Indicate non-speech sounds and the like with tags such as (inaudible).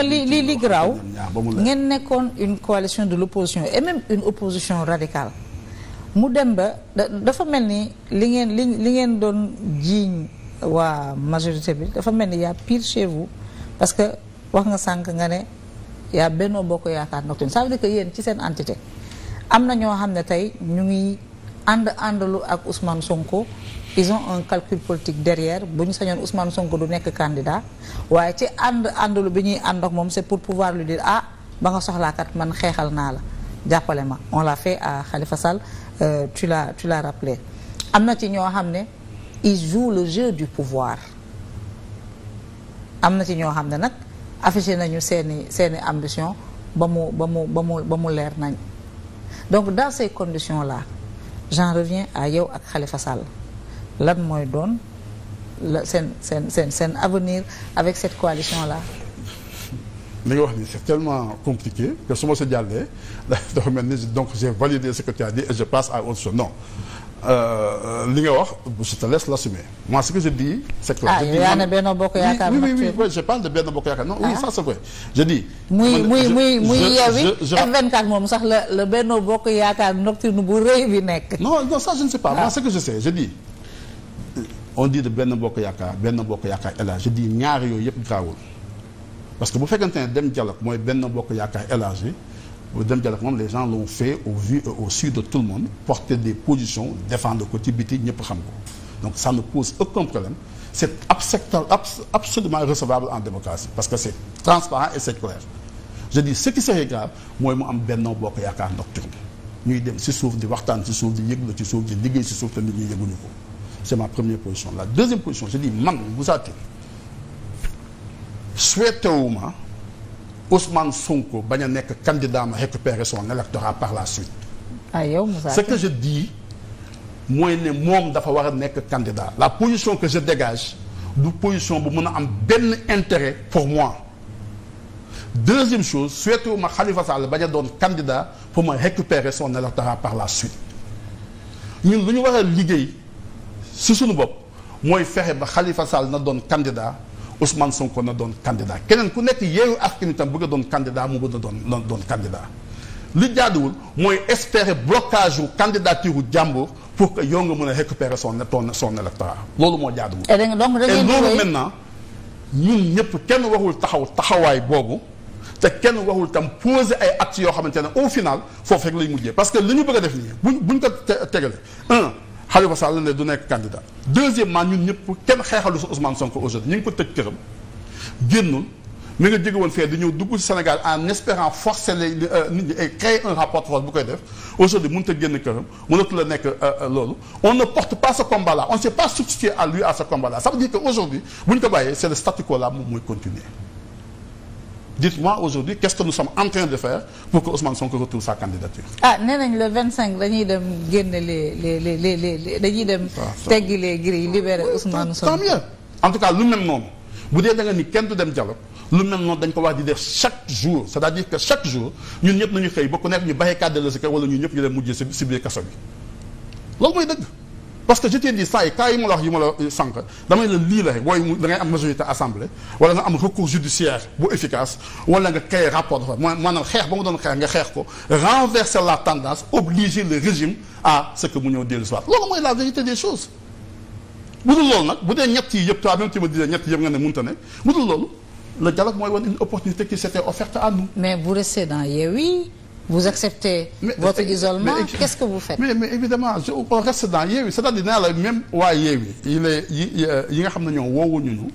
que li li li garaaw ngeen nekkoon une coalition de l'opposition et même une opposition radicale mu dem ba dafa mel ni li ngeen li li ngeen doon jiiñ waa majorité bi dafa mel ni yaa pire chez parce que wax nga sànq nga ne y'a Benno Bokk Yaakaar nocturne ça veut dire que yéen ci seen entité am na ñoo xam ne tey ñu ngi ànd àndalu ak Ousmane Sonko ils ont un calcul politique derrière bu ñu sañoon Ousmane Sonko du nekk candidat waaye ci ànd àndalu bi ñuy ànd ak moom c'est pour pouvoir lui dire ah ba nga soxlaa kat man xeexal naa la jàppale ma on l'a fait à xalifa Sall euh, tu la tu la rappelé am na ci ñoo xam ne ils jouent le jeu du pouvoir am na ci ñoo xam ne nag affiché nañu seeni seeni ambition ba mu ba mu ba mu ba mu leer nañ donc dans ces conditions laa j'en reviens à yow ak Khalifa Sall lan mooy doon la seen seen seen seen avenir avec cette coalition là. li nga wax ni c'est tellement compliqué que su ma sa jàllee (laughs) dafa mel ni donc j'ai validé ce que tu je passe à autre chose non. Euh, euh, li nga wax je te laisse l'assumer moi ce que je dis c'est que ah yaa ne Benno Bokk Yaakaar oui oui oui je parle de Benno Bokk Yaakaar non oui ah. ça c'est vrai je dis muy muy muy muy Yewwi F24 moom sax la la Benno Bokk Yaakaar nocturne bu rëy bi nekk non non ça je ne sais pas moi ah. ce que je sais je dis on di de Benno Bokk Yaakaar Benno Bokk Yaakaar et là je dis ñaar yooyu yëpp gaawul parce que bu fekkante ne dem dialogue mooy Benno Bokk Yaakaar élargi dem dialogue moom les gens l'ont fait au vu et euh, au su de tout le monde porter des positions défendre ko ci biti ñëpp xam ko donc ça ne pose aucun problème c'est absecta absolument recevable en démocratie parce que c'est transparent et c'est clair je dis ce qui serait grave mooy mu am Benno Bokk Yaakaar nocturne ñuy dem ci suuf di waxtaan ci suuf di yëglu ci suuf di liggéey ci suuf te ñuy ñi ko c'est ma première position la deuxième position je dis man Moussa Tine souhaitewuma Ousmane Sonko bañ a nekk candidat ma récupérer son électorat par la suite. ah yow Moussa ce que je dis mooy ne moom dafa war a nekk candidat. la position que je dégage du position bu mën a am benn intérêt pour moi. deuxième chose surtout ma Khalifa Sall bañ a doon candida pour ma récupérer son par la suite ñun lu ñu war a liggéey si suñu bopp mooy fexe ba Khalifa Sall na doon candidat. Ousmane Sonko na doon candidat keneen ku nekk yeewu askan itam bëgg a doon candidat mu bëgg a doon doon li jaaduwul mooy espérer blocage wu candidature wu jàmbur pour que yow nga mën a récupérer son ton son électorat loolu moo jaaduwul. Eh, et loolu maintenant ñun ñëpp kenn warul taxaw taxawaay boobu. te kenn waxul tam poser ay actes yoo xamante ne au final foofu rek lay mujjee parce que li ñu bëgg a def nii buñ buñ ko tegalee Khalifa Sall ne du nekk candidat deuxièmement ñun ñëpp kenn xeexalu sa Ousmane Sonko aujourd'hui ñu ngi ko tëj këram génnul mi nga jóge woon fee di ñëw dugg ci Sénégal en espérant forcer les euh, nit ñi et créer un rapport de force bu koy def aujourd'hui mënut a génn këram mënatu la nekk euh, euh, loolu on ne porte pas ce combat là on ne pas substitué à lui à ce combat là ça veut dire que aujourd'hui bu ñu ko bàyyee c'est le statu quo là moom mooy continuer dites-moi aujourd'hui qu'est-ce que nous en train de faire pour que Ousmane Sonko retrouve sa candidature. ah nee nañ le 25 dañuy dem génne les les les les dañuy dem. Ah, teggi les grilles libérer Ousmane Sonko. tant en tout cas lu mel noonu bu dee da nga ni kenn du dem dialogue lu mel noonu dañ ko wax di def chaque jour c'est-à-dire que chaque jour ñun ñëpp nañu xëy ba ku nekk ñu barricade la si kër wala ñun ñëpp ñu dem mujj si biir kaso bi loolu mooy dëgg. parce que je t'ai dit saa yi cas yi ma la wax yi ma la sànq damay la lii la booy da ngay am majorité assemblée wala nga am recours judiciaire bu efficace wala nga créer rapport dafa maanaam xeex ba mu doon xeex nga xeex ko renverser la tendance obliger le régime à ce que mu ñëw dellu soir loolu mooy la vérité des choses bu dul loolu nag bu dee ñett yi yëpp toi même tu me disais ñett yëpp nga ne mënta ne bu dul loolu le dialogue mooy woon une opportunité vous acceptez mais, votre isolement mais, mais, qu'est-ce que vous faites mais mais évidemment je, on à dire naa la même waa Yewwi yi la yi yi nga xam ne ñoom woowuñu ñu